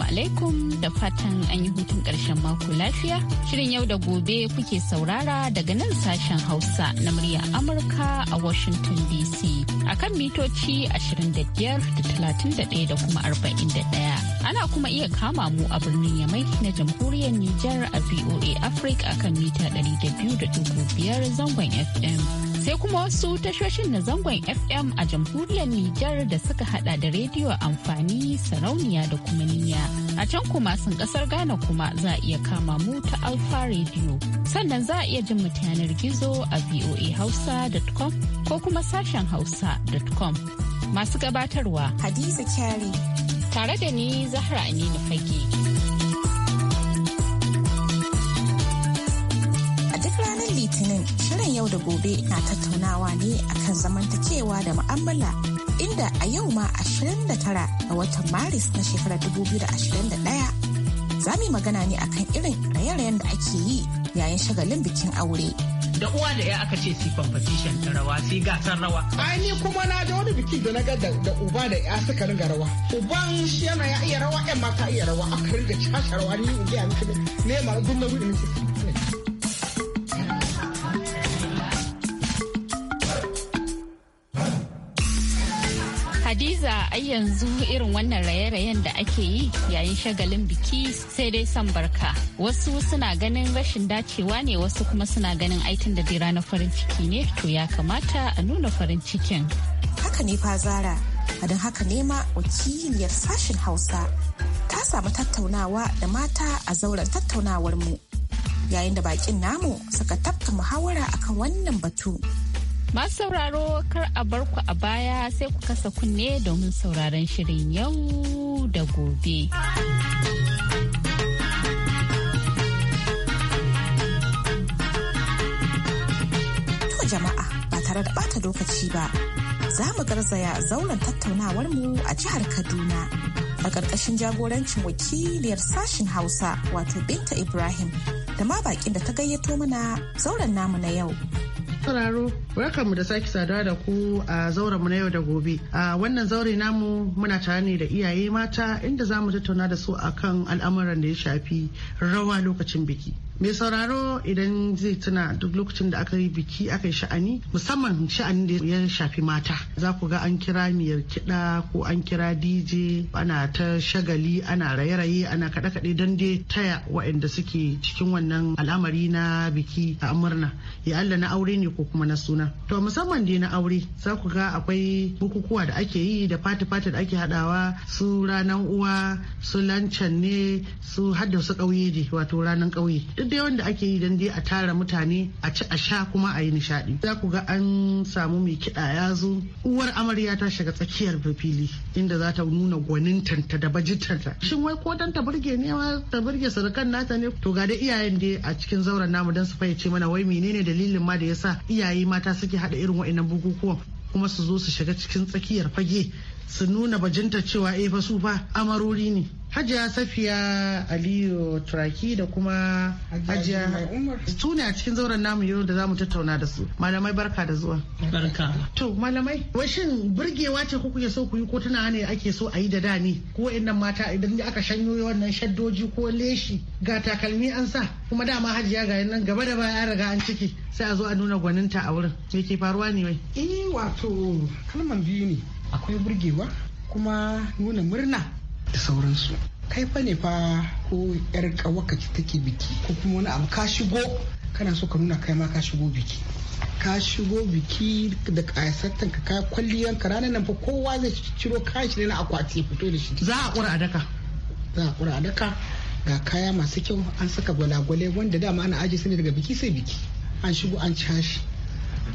Assalamu alaikum da fatan an yi hutun ƙarshen mako lafiya. Shirin yau da gobe kuke saurara daga nan sashen Hausa na murya Amurka a Washington DC a kan mitoci 25 da da kuma 41. Ana kuma iya kama mu a birnin Yamai na jamhuriyar Nijar a VOA Africa a kan mita 200.5 zangon FM. sai kuma wasu tashoshin na zangon FM a jamhuriyar Nijar da suka hada da rediyo amfani sarauniya da kuma niyya. A can kuma sun kasar Ghana kuma za a iya kama mu ta Alfa Radio. Sannan za a iya jin mu yanar gizo a voahausa.com ko kuma sashen hausa.com. Masu gabatarwa Hadiza Kyari. Tare da ni Zahra Aminu Fage. Litinin shirin yau da gobe na tattaunawa ne akan zamantakewa da mu'amala inda a yau ma 29 ga watan Maris na shekarar 2021 za mu yi magana ne akan irin raye-rayen da ake yi yayin shagalin bikin aure. da uwa da ya aka ce si competition ta rawa si gasar rawa. Ai ni kuma na da wani biki da na ga da uba da ya suka ringa rawa. Uban shi yana ya iya rawa yan mata iya rawa aka ringa cashe rawa ni in ga miki ne ma duk na gudu Hadiza ai yanzu irin wannan raye-rayen da ake yi yayin shagalin biki sai dai son barka. Wasu suna ganin rashin dacewa ne wasu kuma suna ganin aikin da dira na farin ciki ne to ya kamata a nuna farin cikin. Haka ne fa zara, a don haka nema wakiliyar sashen Hausa ta samu tattaunawa da mata a zauren tattaunawar mu. Yayin da bakin namu suka tafka muhawara akan wannan batu. Masu sauraro kar a bar ku a baya sai ku kasa kunne domin sauraron shirin yau da gobe. To jama'a ba tare da bata lokaci ba, za mu garzaya zauren tattaunawarmu a jihar Kaduna. A ƙarƙashin jagorancin wakiliyar sashen Hausa wato Binta Ibrahim da ma baƙin da ta gayyato mana zauren namu na yau. sauraro mu da sake saduwa da ku a zauren mu na yau da gobe a wannan zaure namu muna tare ne da iyaye mata inda za mu tattauna da su akan al'amuran da ya shafi rawa lokacin biki mai sauraro idan zai tuna duk lokacin da aka yi biki aka yi sha'ani musamman sha'anin da ya shafi mata za ku ga an kira miyar kiɗa ko an kira dj ana ta shagali ana raye-raye ana kaɗe-kaɗe don dai taya waɗanda suke cikin wannan al'amari na biki a murna ya Allah na aure ne ko kuma na suna to musamman dai na aure za ku ga akwai bukukuwa da ake yi da fati-fati da ake haɗawa su ranar uwa su lancan ne su hadda su ƙauye wato ranar ƙauye duk dai wanda ake yi dan dai a tara mutane a ci a sha kuma a yi nishadi za ku ga an samu mai kiɗa ya zo uwar amarya ta shiga tsakiyar fili inda za ta nuna ta da ta. shin wai ko dan ta burge ne ta burge surukan nata ne to ga da iyayen dai a cikin zauren namu dan su fayyace mana wai menene dalilin ma da yasa iyaye mata suke hada irin wa'annan bukukuwan kuma su zo su shiga cikin tsakiyar fage su nuna bajinta cewa e fa su ba amarori ne hajiya safiya aliyu turaki da kuma hajiya su ne a cikin zauren namu yau da zamu tattauna da su malamai barka da zuwa barka to malamai washin burgewa ce kuke so ku yi ko tana ne ake so a yi da da ne ko wayannan mata idan aka shanyo wannan shaddoji ko leshi ga takalmi an sa kuma dama hajiya ga nan gaba da baya riga an ciki sai a zo a nuna gwaninta a wurin me ke faruwa ne wai eh wato kalman biyu ne akwai burgewa kuma nuna murna da sauransu kai fa ne fa ko yar kawaka take biki ko kuma wani abu ka shigo kana so ka nuna kai ma ka shigo biki ka shigo biki da kayasattan ka kai kwalliyan ka ranan nan fa kowa zai ciro kashi ne na akwati ya fito da shi za a kura daka za a kura daka ga kaya masu kyau an saka gwalagwale wanda dama ana aje su daga biki sai biki an shigo an cashi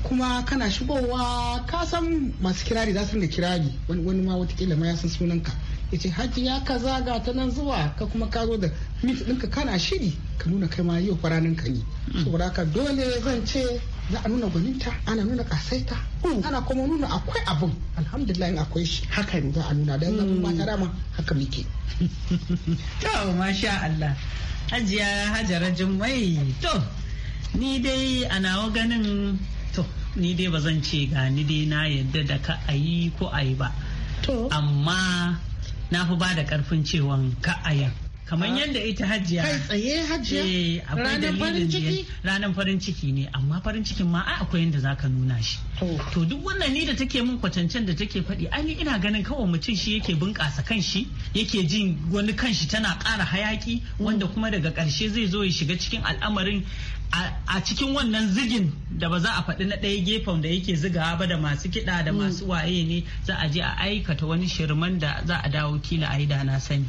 kuma kana shigowa ka san masu kirari za su ringa kirari wani ma watakila ma ya san sunanka ya ce hajji ya ka zaga ta nan zuwa ka kuma ka zo da mit ɗinka kana shiri ka nuna kai ma yau faranin ka ne hmm. saboda haka dole zan ce za a nuna gwaninta ana nuna kasaita hmm. ana kuma nuna akwai abun alhamdulillah in akwai shi haka za a nuna don ba ta dama haka muke to masha Allah hajiya hajara jummai to ni dai a nawa ganin ni dai ba zan ce ga ni dai na yadda da ka a yi ko a yi ba amma na fi ba da karfin cewan ka a yi kamar ah. yadda ita hajiya kai tsaye hajiya eh, ranar farin ciki ranar farin ciki ne amma farin cikin ma akwai yadda zaka nuna shi to duk wannan ni da take mun kwatancen da take faɗi ai ina ganin kawai mutum shi yake bunƙasa kanshi yake jin wani kanshi tana ƙara hayaki wanda kuma daga karshe zai zo ya shiga cikin al'amarin a cikin wannan zigin da ba za a faɗi na ɗaya gefen da yake zigawa ba da masu kiɗa da mm. masu waye ne za a je a aikata wani shirman da za a dawo kila a yi da na sani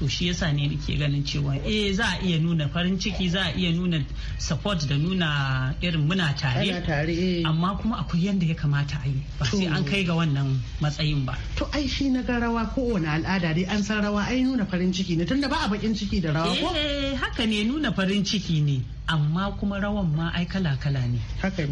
to shi yasa ne nake ganin cewa eh za a iya nuna farin ciki za a iya nuna support da nuna irin muna tare eh. amma kuma akwai yanda ya kamata a yi ba sai an kai ga wannan matsayin ba to ai shi na ga rawa kowane al'ada dai an san rawa ai nuna farin ciki ne tunda ba a bakin ciki da rawa ko eh haka ne nuna farin ciki ne amma kuma rawan ma ai kala-kala ne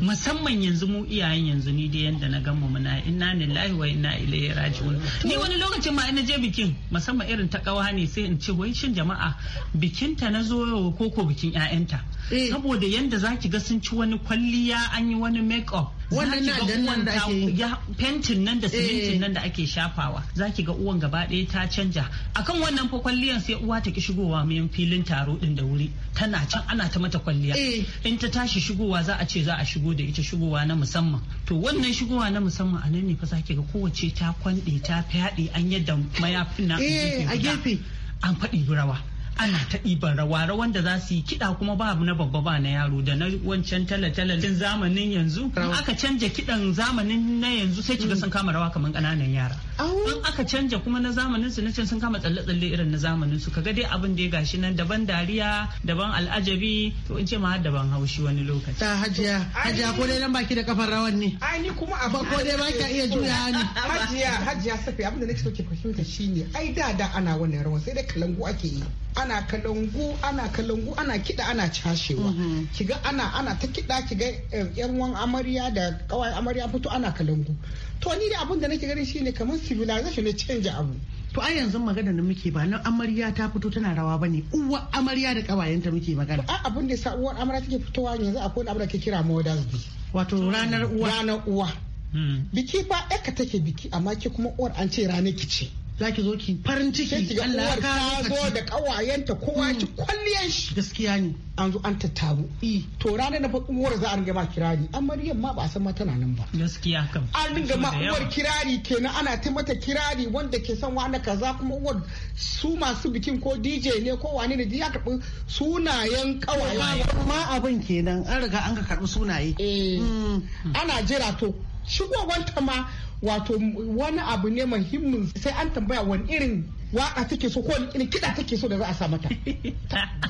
musamman yanzu mu iyayen yanzu ni da yanda na gamu muna ne Lahi wa ina ilayhi raji'un ni wani lokacin ma ina je bikin musamman irin ta kawa ne sai in ce wai shin jama'a bikinta na zo ko ko bikin ƴaƴanta eh. saboda yanda zaki ga sun ci wani kwalliya an yi wani make up wannan nan da ake fentin nan da eh. simintin nan da ake shafawa zaki ga uwan gaba ɗaya ta canja akan wannan fa kwalliyan sai uwa ta ki shigowa mayan filin taro din da wuri tana can ana ta mata kwalliya eh. in ta tashi shigowa za a ce za a shigo da ita shigowa na musamman to wannan shigowa na musamman a nan ne fa zaki ga kowace ta kwanɗe ta fyaɗe an yadda mayafin na eh, a gefe an faɗi rawa ana ta ɗiban rawa rawan da za su yi kiɗa kuma ba na babba ba na yaro da na wancan talatalatin zamanin yanzu aka canja kiɗan zamanin na yanzu sai kiga sun kama rawa kamar ƙananan yara in aka canja kuma na zamanin su na can sun kama tsalle-tsalle irin na zamanin su kaga dai abin da ya gashi nan daban dariya daban al'ajabi to in ce ma har daban haushi wani lokaci ta hajiya hajiya ko dai nan baki da kafar rawan ne ai ni kuma abin ko dai baki iya juya ni hajiya hajiya safi abin da nake so ki fahimta shine ai da da ana wannan rawan sai da kalangu ake yi ana kalangu ana kalangu ana kiɗa ana cashewa mm-hmm. kiga ana ana ta kiɗa kiga eh, yan wan amarya da kawai amarya fito ana kalangu to ni da abin da nake ganin shine kamar civilization ne canja abu to a yanzu magana da muke ba na amarya ta fito tana rawa bane uwa amarya da kawayenta muke magana a abin da sa uwar amarya take fitowa yanzu akwai wani abu da ke kira mothers day wato ranar uwa ranar uwa mm. biki fa yaka take biki amma ke kuma uwar an ce ranar ki ce za ki zo ki farin ciki Allah ya kawo ka zo da kawayenta kowa ki mm. kwalliyan shi gaskiya ne an zo an tattabu e. to ranar na uwar za a ringa ma kirari an maryam ma ba san ma tana nan ba gaskiya kam an ringa ma uwar kirari kenan ana ta mata kirari wanda ke san wani kaza kuma uwar su masu bikin ko DJ ne ko wani ne ya karbi sunayen kawayen ma abin kenan an riga an ka karbi sunaye eh. mm. ana jira to shigowanta ma wato wani abu ne muhimmin sai an tambaya wani irin waka take so ko ni kida take so da za a sa mata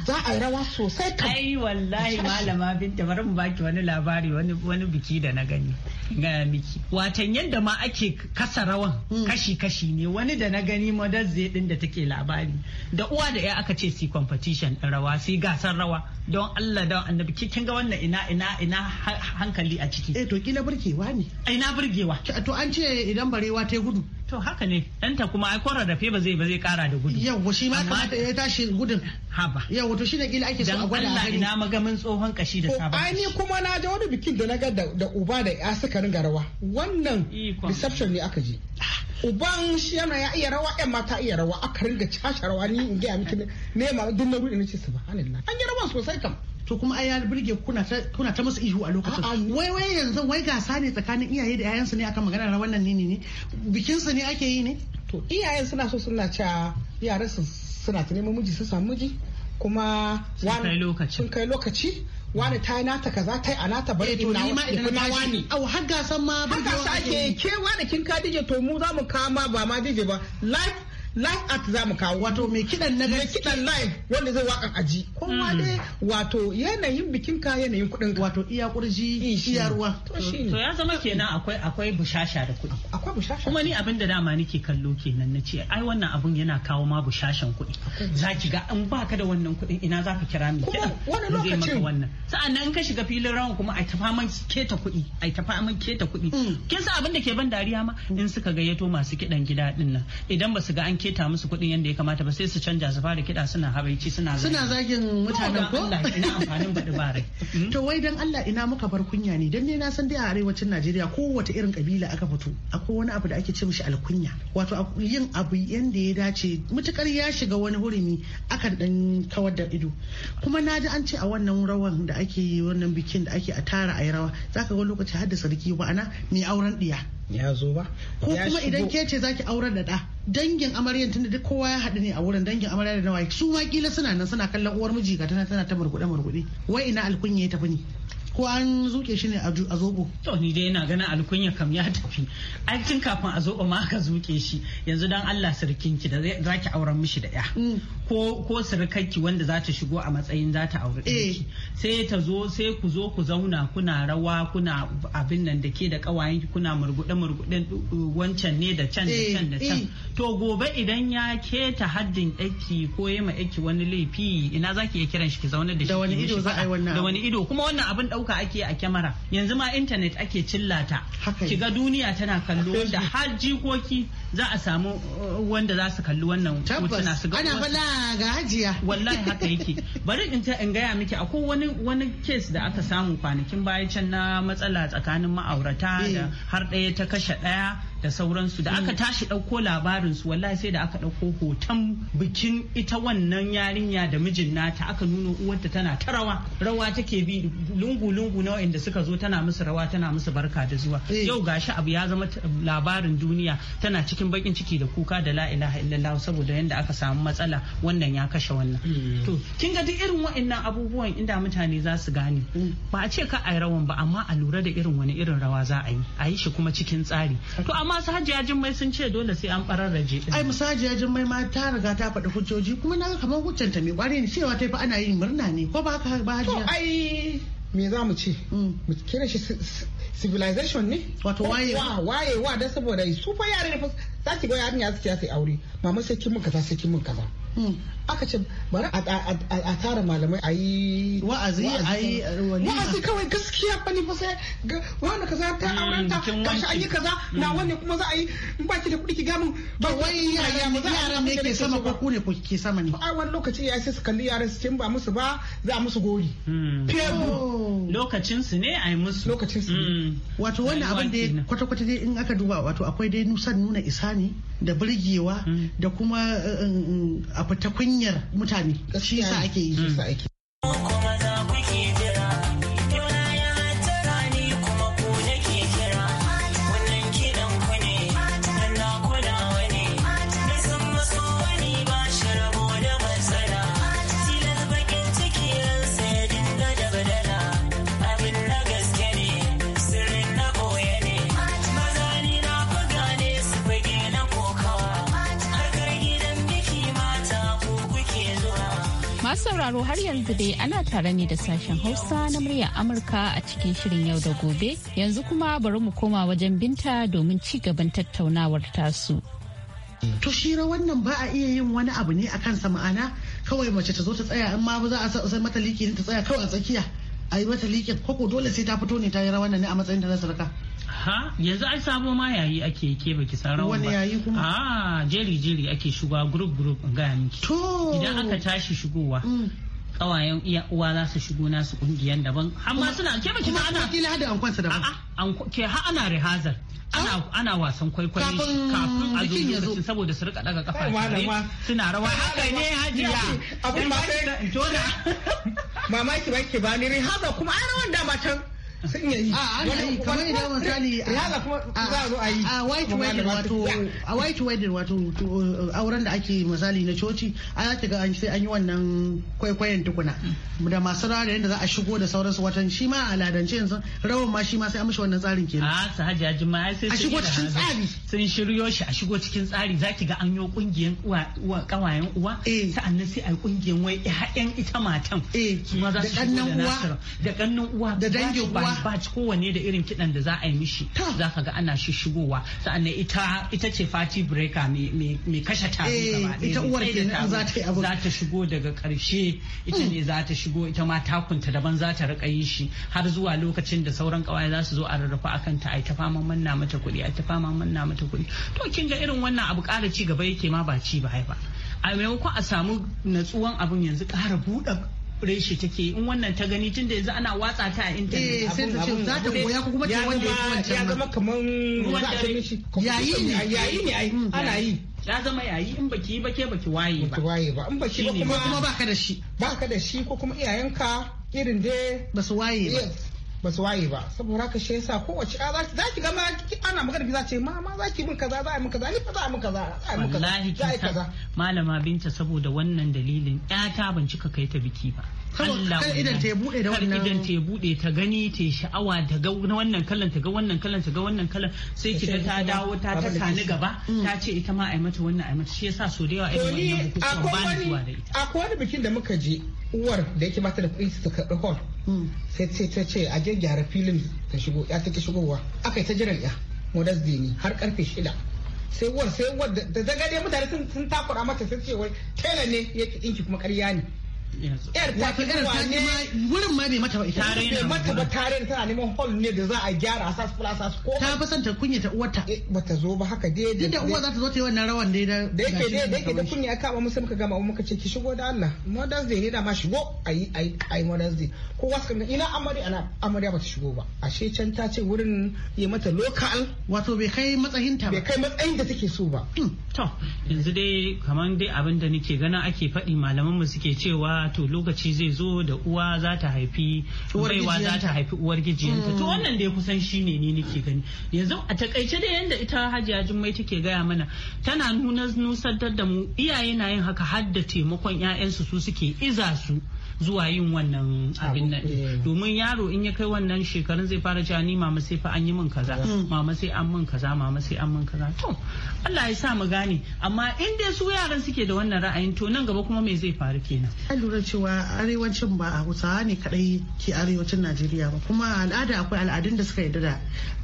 za a yi rawa sosai kan ai wallahi malama binta bari mu baki wani labari wani wani biki da na gani ga miki watan yadda ma ake kasa rawan hmm. kashi kashi ne wani da na gani zai din da take labari da uwa da ya aka ce si competition din rawa si gasar rawa don Allah don annabi kin ga wannan ina ina ina hankali a ciki eh to kila burgewa ne ina burgewa to an ce idan barewa ta gudu to haka ne ɗanta kuma ai da rarrafe ba zai ba zai kara da gudu yawa shi ma kamata ya tashi gudun haba Yau to shine kila ake so a gwada a ina magamin tsohon kashi da sabon ai ni kuma na je wani bikin da na ga da uba da ya suka ringa rawa wannan reception ne aka je uban shi yana ya iya rawa yan mata iya rawa aka ringa cashe rawa ni in ga miki ne ma duk na rude nace subhanallah an yi rawa sosai kam to kuma ai ya burge kuna ta kuna ta musu ihu a lokacin wai wai yanzu wai gasa ne tsakanin iyaye da yayansu ne akan magana na wannan nini ne bikin su ne ake yi ne to iyayen suna so suna cewa yaran su suna ta neman miji su samu miji kuma sun kai lokaci wani ta nata kaza ta a nata bari eh, to ni ma idan na wani au har gasan ma har gasa ake ke wani kin ka dije to mu za mu kama ba ma dije ba life live art za mu kawo wato mai kidan na kidan live wanda zai wakan aji kowa mm. dai wato yanayin bikin ka yanayin kudin ka wato iya kurji iya ruwa to shine to ya zama kenan akwai akwai bushasha da kudi akwai bushasha kuma ni abin da dama nake kallo kenan nace ai wannan abun yana kawo ma bushashan kudi zaki ga in baka da wannan kudin ina zaka kira ni kidan wani lokacin wannan sa'annan ka shiga filin rawan kuma ai tafa faman keta kudi ai tafa faman keta kudi mm. kin san abin da ke ban dariya ma in suka gayyato masu kidan gida din nan idan ba su ga an keta musu kuɗin yadda ya kamata ba sai su canja su fara kiɗa suna habaici suna zagin suna zagin mutanen ko ina amfanin baɗi ba to wai dan Allah ina muka bar kunya ne dan ne na san dai a arewacin Najeriya ko wata irin kabila aka fito akwai wani abu da ake ce mishi alkunya wato yin abu yanda ya dace mutukar ya shiga wani hurumi akan dan kawar da ido kuma na ji an ce a wannan rawan da ake yi wannan bikin da ake a tara a yi rawa zaka ga lokaci har da sarki ma'ana mai auren diya ya zo ba ko kuma idan ke ce zaki aurar da da dangin amaryan tunda duk kowa ya haɗu ne a wurin dangin amarya da nawa su ma kila suna nan suna kallon uwar miji ga tana tana ta murgude murgude wai ina alkunya ya tafi ne ko an zuke shi ne a zobo to ni dai yana ganin alkunya kam ya tafi ai tun kafin a zobo ma aka zuke shi yanzu dan Allah sirkin ki da zaki auren mishi da ya mm. ko ko sirkarki wanda za ta shigo a matsayin za ta aure eh. ki sai ta zo sai ku zo ku zauna kuna rawa kuna abin nan da ke da kawayen ki kuna murgude murguden wancan ne da can da eh, can da eh. can to gobe idan ya keta haddin ɗaki ko ya ma ɗaki wani laifi ina zaki iya kiran shi ki zauna da shi da wani ido za a yi wannan da wani ido kuma wannan abin ɗauka ake a kyamara yanzu ma intanet ake cillata kiga duniya tana kallo da har jikoki za a samu uh, wanda za su kalli wannan hotuna su ga ana wallahi haka yake bari in ta in gaya miki akwai wani kes da aka samu kwanakin baya can na matsala tsakanin ma'aurata eh. da har ɗaya ta kashe ɗaya da sauransu da aka mm. tashi ɗauko labarinsu su wallahi sai da aka ɗauko hoton bikin ita wannan yarinya da mijin nata aka nuna uwarta tana ta rawa rawa take bi lungu lungu na wa'anda suka zo tana musu rawa tana musu barka da zuwa eh. yau gashi abu ya zama labarin duniya tana cikin bakin ciki da kuka da la ilaha illallah saboda yanda aka samu matsala wannan ya kashe wannan mm. to kin ga duk irin wa'annan abubuwan inda mutane za su gane mm. ba a ce ka a rawan ba amma a lura da irin wani irin rawa za a yi a yi shi kuma cikin tsari to amma su hajiya jimmai sun ce dole sai an bararraje ai musu hajiya jimmai ma ta riga ta faɗi hujjoji kuma na kamar hujjanta mai kwari ne cewa ta fa ana yin murna ne ko ba haka ba hajiya to ai me za mu ce mm. mu kira shi civilization ne wato wayewa wayewa dan saboda su fa yare ne za ki ga yarinya su ce sai aure mama sai kin mun kaza sai kin mun kaza mm. aka ce bari a tara malamai a yi wa'azi a yi wa'azi kawai gaskiya ba ne ba sai wani kaza ta hmm, aurenta gashi an yi kaza na hmm. wani kuma za a yi in ba ki da kuɗi ki gamu ba wai yaran ne ke sama ko kune ko ke sama ne a wani lokaci ya sai su kalli yaran su ce ba musu ba za a musu gori hmm. oh. lokacin su ne a yi musu lokacin su wato wani abin da kwata-kwata dai in aka duba wato akwai dai nusan nuna isani da burgewa da kuma eh, eh, eh, a fita kunya kunyar mutane shi sa ake yi sauraro har yanzu dai ana tare ne da sashen Hausa na muryar Amurka a cikin shirin yau da gobe. Yanzu kuma bari mu koma wajen binta domin ci gaban tattaunawar tasu. To shira wannan ba a iya yin wani abu ne a kansa ma'ana kawai mace ta zo ta tsaya in ma za a sai mata liki ta tsaya kawai a tsakiya a yi mata likin koko dole sai ta fito ne ta yi rawan ne a matsayin da na sarka. Aha, yanzu ai sabo ma yayi ake ke baki sarawa Wani yayi kuma? Ah, jeri jeri ake shigowa group group ga gaya miki. To. Idan aka tashi shigowa. Kawayen mm. iya uwa za su shigo nasu kungiyan daban. Amma suna ke baki ma ana. Kuma kila da ankwansa daban. A'a, ke ha ana rehazar. Ah? ana ana wasan kwaikwayi kafin a zo lokacin saboda su rika daga kafa suna rawa haka ne hajiya abun ba sai mamaki ba ke ba ni rehazar kuma ai rawan da matan sun iya yi wani kamar idan misali a white wedding wato a white wedding wato auren da ake misali na coci a ya tiga an sai an yi wannan kwaikwayon tukuna da masu rawa da za a shigo da sauransu watan shi ma a ladance yanzu rawan ma shi ma sai an mishi wannan tsarin kenan a su hajji hajji ma sai a shigo cikin tsari sun shiryo shi a shigo cikin tsari za ki ga an yi kungiyan uwa kawayen uwa eh. sa'annan sai a yi kungiyan wai ƴaƴan ita matan eh. su ma za su shigo da uwa da kannan uwa da dangin uwa batch kowanne da irin kiɗan da za a yi mishi za ka ga ana shishigowa sa'annan ita ita ce fati breaker mai kashe tari eh, gaba ita uwar za ta yi abu za ta shigo daga karshe ita mm. ne za ta shigo ita ma takunta daban za ta rika yi shi har zuwa lokacin da sauran kawaye za su zo a rarrafa akan ta ai ta fama manna mata kuɗi ai ta fama manna mata kuɗi to kin ga irin wannan abu ƙara ci gaba yake ma ba ci ba ba a maimakon a samu natsuwan abun yanzu ƙara buɗe reshe take in wannan ta gani tun tunda yanzu ana watsa ta a intanet eh, abun abun za ta koya ko kuma ce wanda ya kwanta ya zama kaman ruwan dare yayi ne yayi ne mm. ai ana yi ya zama yayi in baki yi bake baki waye ba waye ba in baki ba kuma kuma baka da shi baka da shi ko kuma iyayenka irin dai ba su waye ba ba su waye ba saboda haka shi yasa kowace a za ki ga ma ana magana ki za ce ma ma za ki min kaza za a min kaza ni fa za a min kaza za a min kaza wallahi ki kaza malama binta saboda wannan dalilin ƴata ban cika kai ta biki ba Allah kar idan ta bude da wannan idan ta bude ta gani ta sha'awa ta ga wannan kallon ta ga wannan kallon ta ga wannan kallon sai ki ga ta dawo ta ta sani gaba mm. ta ce ita ma ai mata wannan ai mata shi yasa so da yawa irin wannan bukukuwa ba ni zuwa da ita akwai wani bikin da muka je uwar da yake bata da kuɗi ta karɓi hall hmm. sai ce ta ce a gyara filin ta shigo ya take shigowa aka yi ta jiran ya modas dini har karfe shida sai uwar sai uwar da zaga dai mutane sun takura mata sai ce wai tela ne ya dinki kuma karya ne yar ta ki kawa ne wurin ma bai mata ba ita bai mata ba tare tana neman hall ne da za a gyara a sasu kula sasu ko ta fi son ta kunya ta uwarta eh, bata zo ba haka dai duk da uwa za ta zo ta yi wannan rawan dai da yake dai da yake da kunya aka ba musu muka gama muka ce ki shigo da Allah Mother's Day ne da ma shigo ayi ayi ayi Mother's Day wasu suka ina amarya ana ba ta shigo ba ashe can ta ce wurin yi mata local wato bai kai matsayin ta ba bai kai matsayin da take so ba hmm, to yanzu dai kamar dai abin nake gana ake faɗi malaman mu suke cewa to lokaci zai zo da uwa za ta haifi baiwa za ta haifi uwar gijiyanta to mm. wannan dai kusan shi ne ni nake gani yanzu a takaice da yadda ita hajiya jummai take gaya mana tana nuna nusantar da mu iyaye na yin haka har da taimakon 'ya'yansu su suke iza su zuwa yin wannan abin nan eh. domin yaro in ya kai wannan shekarun zai fara cewa ni mama sai fa an yi min kaza mm. mama sai an min kaza mama sai an min kaza to Allah ya sa mu gane amma in dai su yaran suke da wannan ra'ayin to nan gaba kuma me zai faru kenan an lura cewa arewacin ba a Hausawa ne kadai ke arewacin Najeriya ba kuma al'ada akwai al'adun da suka yarda da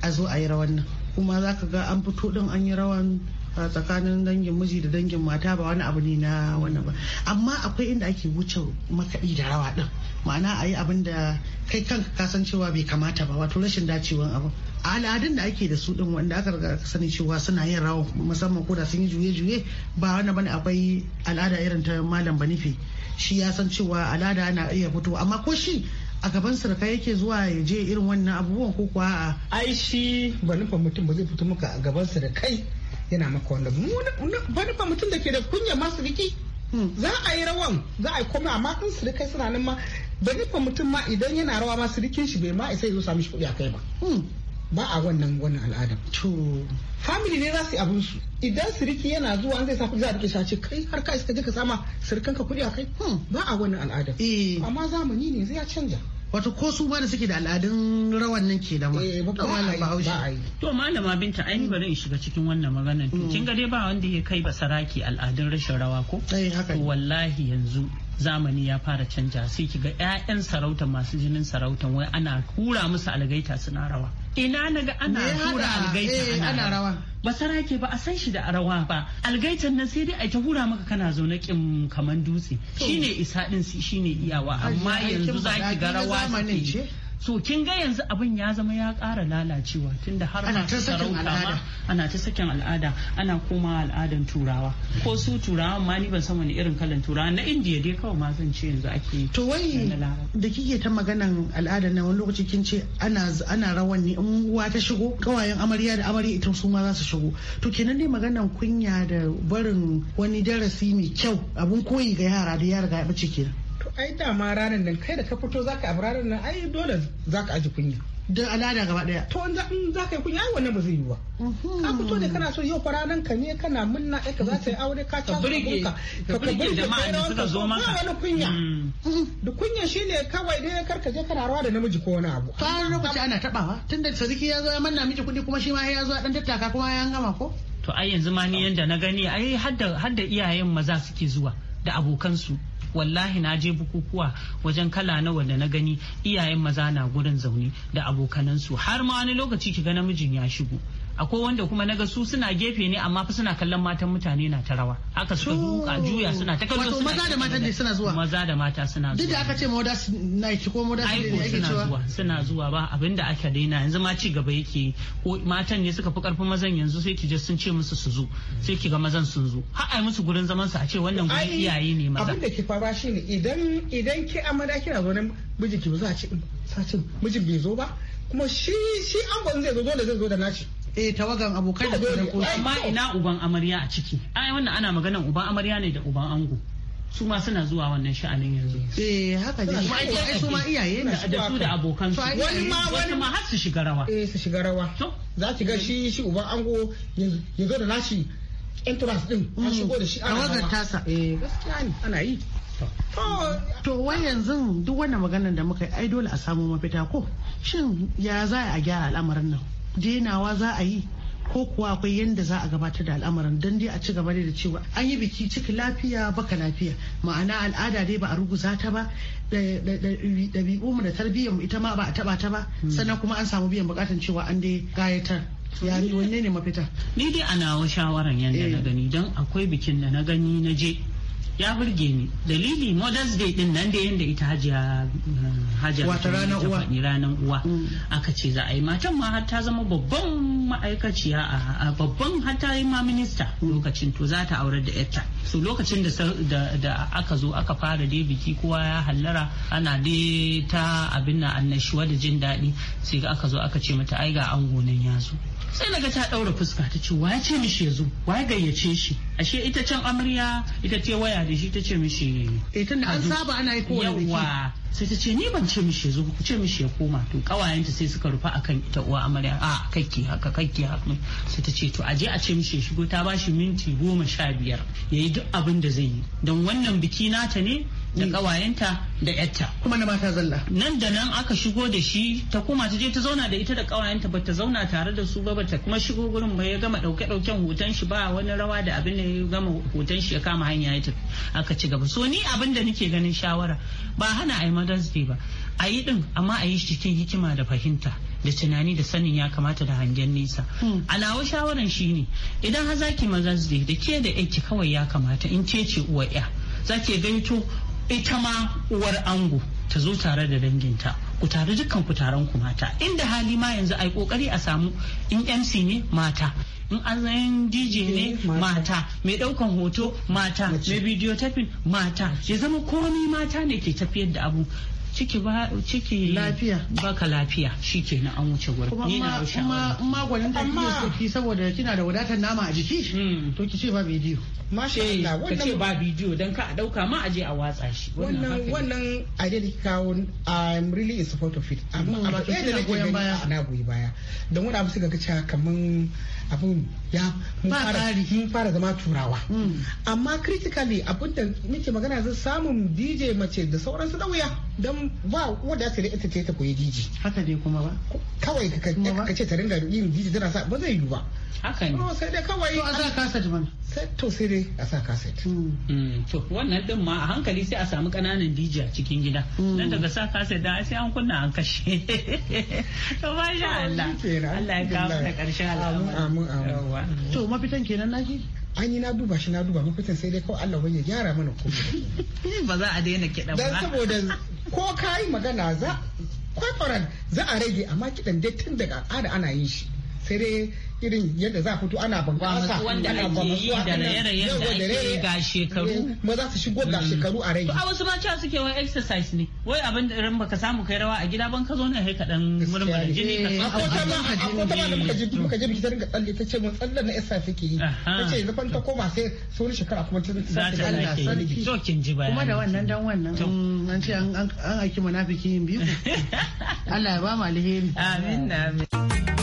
a zo a yi rawan nan kuma zaka ga an fito din an yi rawan tsakanin dangin miji da dangin mata ba wani abu ne na wannan ba amma akwai inda ake wuce makaɗi da rawa ɗin ma'ana a yi abin da kai kanka cewa bai kamata ba wato rashin dacewan abu. al'adun da ake da su din wanda aka riga sani cewa suna yin rawa musamman ko da sun yi juye-juye ba wani bane akwai al'ada irin ta malam banife shi ya san cewa al'ada ana iya fito amma ko shi a gaban sarka yake zuwa ya je irin wannan abubuwan ko kuwa a ai shi banufan mutum ba zai fito maka a gaban sa yana maka wanda bani ba mutum da ke da kunya masu riki hmm. za a yi rawan za a yi komai amma in su rikai suna nan ma da ba mutum ma idan yana rawa ma rikin shi bai ma isa zo sami shi kuɗi a kai ba hmm. ba a wannan wannan al'adar. To family ne za su yi abin su idan siriki yana zuwa an zai sa kuɗi za a rike shi kai har ka iska je ka sama ka kuɗi a kai hmm. ba a wannan al'adar. Eh. Amma zamani ne zai ya canja. wato ko su ma da suke da al'adun rawan nan ke da ma eh, to malama binta ai bari in shiga cikin wannan maganar to hmm. kin ga dai ba wanda ya kai basaraki al'adun rashin rawa ko eh, to wallahi yanzu zamani ya fara canja sai ki ga 'ya'yan sarauta masu jinin sarautan wai ana kura musu algaita suna rawa ina naga ana hura algaita eh, ana rawa ba sarake ba a san shi da rawa ba algaitan nan sai dai a ta hura maka kana zo na kin kaman dutse shine isa din shine iyawa amma yanzu zaki ga rawa suke so kin ga yanzu abin ya zama ya kara lalacewa tunda har ta sakin al'ada. ana ta sakin al'ada ana koma al'adan turawa ko su turawan ma ni ban san wani irin kalan turawa na indiya dai kawai ma zan ce yanzu ake to wai da kike ta maganan al'ada na wani lokaci kin ce ana ana rawan ne in uwa ta shigo kawayen amarya da amarya ita su ma za su shigo to kenan dai maganan kunya da barin wani darasi mai kyau abun koyi ga yara da yara ga ya bace kenan ai dama ranar nan kai da ka fito zaka abu ranar nan ai dole zaka aji kunya don al'ada gaba daya to in za ka yi kunya ai wannan ba zai yi ba mhm. ka fito ne kana so yau fa ranar ka ne kana munna ai ka za ta yi aure ka ta burge ka ka burge jama'a da suka zo maka ba wani kunya mhm. da kunya shine kawai dai kar ka je kana rawa da namiji ko wani abu fa lokaci ana tabawa tunda sarki ya zo ya manna miki kuɗi kuma shi ma ya zo ya dan tattaka kuma ya gama ko to ai yanzu ma ni yanda na gani ai hadda hadda iyayen maza suke zuwa da abokansu wallahi na je bukukuwa wajen kala nawa da na gani iyayen maza na gurin zaune da abokanansu har ma wani lokaci ki ga namijin ya shigo akwai wanda kuma naga su suna gefe ne amma fa suna kallon matan mutane na ta rawa haka suka duka juya suna ta kallo suna maza da mata ne suna zuwa maza da mata suna zuwa duk da aka ce moda night ko moda ne yake cewa zuwa suna zuwa ba abinda aka daina yanzu ma ci gaba yake ko matan ne suka fi karfin mazan yanzu sai ki je sun ce musu su zo sai ki ga mazan sun zo har ai musu gurin zaman su a ce wannan gurin iyaye ne maza abinda ki fara shine idan idan ki amada kina zo nan miji ki zo a ce sace mijin bai zo ba kuma shi shi angon zai zo dole zai zo da nashi eh tawagan abokai da sadakoki amma ina uban amarya a ciki ai wannan ana maganan uban amarya ne da uban ango su ma suna zuwa wannan sha'anin yanzu eh haka ne ai su ma iyaye ne da su da abokan su wani ma wani ma har su shiga rawa eh su shiga rawa za ki ga shi shi uban ango yanzu da nashi entrance din an mm. shigo da shi ana tawagan tasa eh gaskiya ne ana yi To wai yanzu duk wannan maganar da muka yi ai dole a samu mafita ko shin ya za a gyara al'amarin nan? denawa za a yi ko kuwa akwai yadda za a gabatar da al'amuran don dai a ci gaba da cewa an yi biki ciki lafiya baka lafiya ma'ana al'ada dai ba a ruguza ta ba ɗabi'u mu da tarbiyyar mu ita ma ba a taba ta ba hmm. sannan kuma an samu biyan bukatan cewa an dai gayatar ya wanne ne mafita ni dai ana shawaran yadda na eh. gani don akwai bikin da na gani na je ya burge ni dalili mothers day din nan da yanda ita hajiya eh, hajiya wata ranar uwa ranar mm. uwa aka ce za a yi matan ma har ta zama babban ma'aikaciya a babban har ta yi ma minista mm. lokacin to za ta aurar da yarta so lokacin da da aka zo aka fara dai biki kowa ya hallara ana dai ta abin na annashuwa da jin daɗi sai aka zo aka ce mata ai ga ango nan ya zo sai naga ta ɗaura fuska ta ce ya ce mishi ya zo ya gayyace shi ashe ita can amarya ita ce waya da shi ta ce mishi eh, tunda an saba ana yi yawa sai ta ce ni ban ce mishi ya zo ku ce mishi ya koma to ƙawayenta sai suka rufa akan ita uwa amarya a kakki haka kakki haka sai ta ce to aje a ce mishi ya shigo ta bashi minti goma sha biyar ya yi duk abin da zai yi don wannan biki nata ne da kawayenta mm. da yatta kuma na mata zalla nan da nan aka shigo da shi ta kuma ta je ta zauna da ita da kawayenta Ba ta zauna tare da su ba ta kuma shigo gurin ba ya gama dauke dauken hoton shi ba wani rawa da abin da ya gama hoton shi ya kama hanya ya tafi aka ci gaba so ni abin da nake ganin shawara ba hana ayi mother's day ba a yi din amma a yi shi cikin hikima da fahimta da tunani da sanin ya kamata da hangen nesa. Mm. A nawa shawaran shi ne idan ha zaki maza da ke da yanki kawai ya kamata in ce ce uwa ya. Za ki gaito ita ma uwar ango ta zo tare da danginta ku tare dukkan ku taron ku mata inda hali ma yanzu ai kokari a samu in MC ne mata in azayin DJ ne eh, mata mai daukan hoto mata mai bidiyo tafin mata ya zama komai mata ne ke tafiyar da abu ciki ba ciki lafiya baka lafiya na an wuce gurin ni na shawara amma gwanin da kike saboda kina da wadatar nama a jiki hmm. to ki ce ba video mashallah wannan ce ba bidiyo don ka dauka ma aje a watsa shi wannan wannan idea da kawo i'm really in support of it amma amma kai da goyen baya na goyi baya don wani abu suka ga cewa kaman abun ya mun fara zama turawa mm. amma critically abun da nake magana zan samun DJ mace da sauran da wuya dan ba wanda ta da ita ce ta koyi DJ haka dai kuma ba kawai ka ce ta ringa yin DJ tana sa ba zai yi ba haka ne oh, sai dai kawai to a za ka sa mana to sai dai a sa kaset mm. mm, to wannan din ma a hankali sai a samu kananan Dija a cikin gida mm. nan daga sa kaset da sai an kunna an kashe to masha Allah Allah ya kawo da karshen al'amura to mafitan kenan naki an yi na duba shi na duba mafitan sai dai kawai Allah wani ya gyara mana komai ba za a daina kiɗan ba dan saboda ko ka yi magana za kwafaran za a rage amma kiɗan dai tun daga al'ada ana yin shi sai dai irin yadda za a fito ana bunƙasa ana gwamnati da raye-raye da ake ga shekaru eh, ma za su shigo ga mm. shekaru a rai to a wasu mace suke wai exercise ne wai abin da ran baka samu kai rawa a gida ban ka zo ne kai kadan murmurin jini ka so a kota ma a kota ma da muka je muka je bikin ga tsalle ta ce mun tsalle na exercise take yi ta ce yanzu ta koma sai sun shekara kuma ta za ta Allah sarki kin ji bayani kuma da wannan dan wannan an ce an aiki munafiki yin biyu Allah ya ba mu alheri amin amin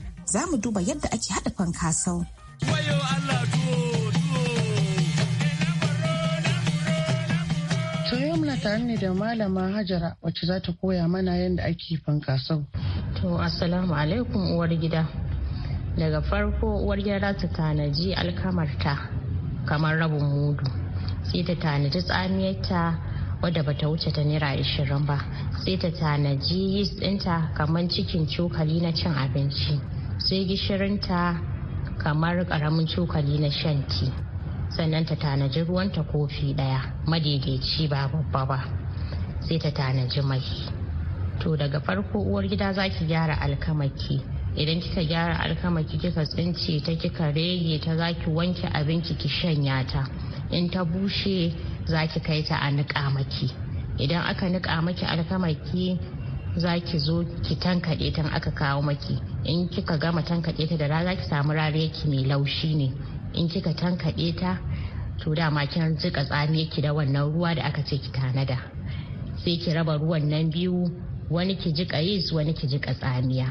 za mu duba yadda ake haɗa fankasau. To yau muna tare ne da malama Hajara wacce za ta koya mana yadda ake fankasau. To assalamu alaikum uwar gida. Daga farko uwar gida za ta tanaji alkamarta kamar rabin mudu. Sai ta tanaji tsamiyarta wadda bata wuce ta naira ashirin ba sai ta tanaji yeast ɗinta kamar cikin cokali na cin abinci sai gishirinta kamar karamin cokali na shan sannan ta tanaji ruwanta kofi daya madaidaici ba babba ba sai ta tanaji mai to daga farko uwar gida za ki gyara alkamaki idan kika gyara alkamaki kika tsince ta kika rege ta za ki wanke abinki ki shanya ta in ta bushe za ki kai ta a niƙa maki idan aka niƙa maki alkamaki za ki zo ki tankaɗe tan aka kawo maki in kika gama tankaɗe ta da rana ki samu rariyarki mai laushi ne in kika tankaɗe ta to dama kin jika ki da wannan ruwa da aka ce ki tanada sai ki raba ruwan nan biyu wani ki jika yis wani ki jika tsamiya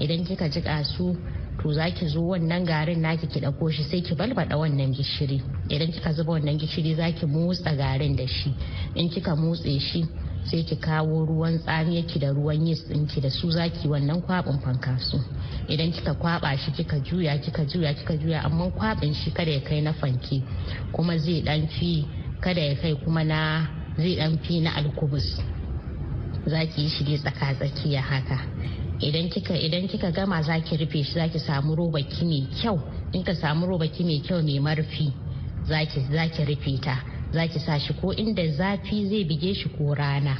idan kika jika su to za ki zo wannan garin naki ki ɗauko shi sai ki balbaɗa wannan gishiri idan kika zuba wannan gishiri za ki motsa garin da shi in kika motse shi sai ki kawo ruwan tsamiyarki da ruwan yis ɗinki da su zaki wannan kwabin fankaso idan kika kwaɓa shi kika juya kika juya kika juya amma kwabin shi kada ya kai na fanke kuma zai dan fi kada ya kai kuma na zai dan fi na alkubus zaki yi shi dai tsaka tsakiya haka idan kika idan kika gama zaki rufe shi zaki samu roba ki mai kyau in ka samu roba ki mai kyau mai marfi zaki zaki rufe ta za ki sa shi ko inda zafi zai bige shi ko rana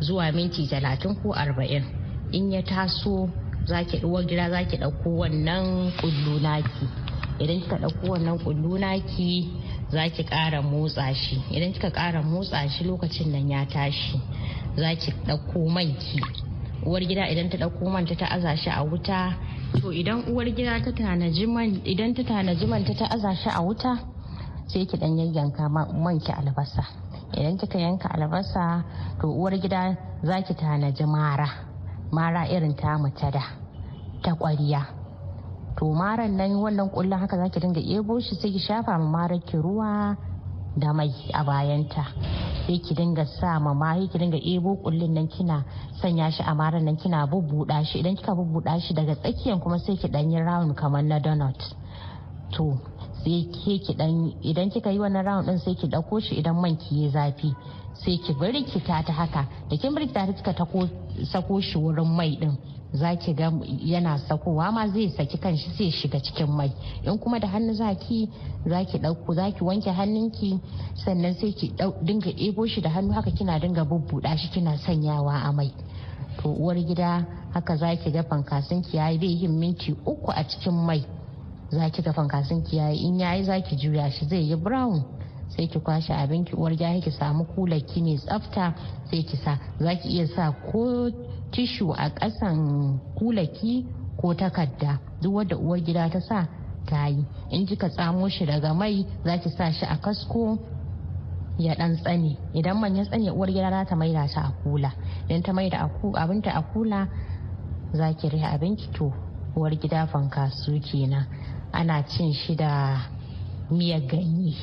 zuwa minti talatin ko arba'in in ya taso za ki ɗuwa gida za ki ɗauko wannan ƙullu naki idan kika ɗauko wannan ƙullu naki za ki ƙara motsa shi idan kika ƙara motsa shi lokacin nan ya tashi za ki ɗauko manki uwar gida idan ta ɗauko manta ta aza shi a wuta to idan uwar gida ta tanaji man idan ta tanaji man ta aza shi a wuta sai ki dan yayyanka man ki albasa idan kika yanka albasa to uwar gida za ki tanaji mara mara irin ta da ta kwariya to maran nan wannan kullun haka zaki ki dinga ebo shi sai ki shafa ma marar ki ruwa da mai a bayanta sai ki dinga sa ma mai ki dinga ebo kullun nan kina sanya shi a maran nan kina bubbuda shi idan kika bubbuda shi daga tsakiyan kuma sai ki danyi round kamar na donut to sai ke ki idan kika yi wannan round din sai ki dauko shi idan man ki yi zafi sai ki birkita ta haka da kin birkita ta kika tako sako shi wurin mai din za ki ga yana sakowa ma zai saki kanshi sai shiga cikin mai in kuma da hannu za ki za ki dauko za ki wanke hannunki sannan sai ki dinga ebo shi da hannu haka kina dinga bubbuda shi kina sanyawa a mai to uwar gida haka za ki ga fankasinki ya yi bai yin minti uku a cikin mai zaki ka fankasin ki yayi in yayi zaki juya shi zai yi brown sai ki kwashe abin ki uwar ki samu kula ki ne tsafta sai ki sa zaki iya sa ko tishu a kasan kulaki ko takarda duk wadda uwar gida ta sa ta yi in kika tsamo shi daga mai zaki sa shi a kasko ya dan tsane idan man ya tsane uwar gida za ta maida ta a kula idan ta mai maida abinta a kula za ki rai abinki to uwar gida fankasu kenan ana cin shi da miyar ganye.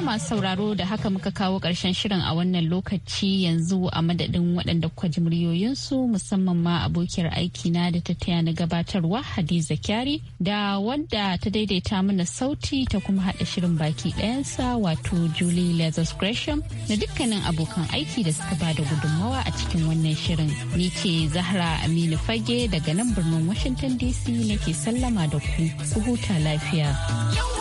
masu sauraro da haka muka kawo ƙarshen shirin a wannan lokaci yanzu a madadin waɗanda kuka ji muryoyinsu musamman ma abokiyar aikina da ta taya na gabatarwa Hadiza Kyari da wadda ta daidaita mana sauti ta kuma haɗa shirin baki ɗayansa wato Julie Lazarus Gresham da dukkanin abokan aiki da suka ba da gudunmawa a cikin wannan shirin. Ni ce Zahra Aminu Fage daga nan birnin Washington DC nake sallama da ku. Ku huta lafiya.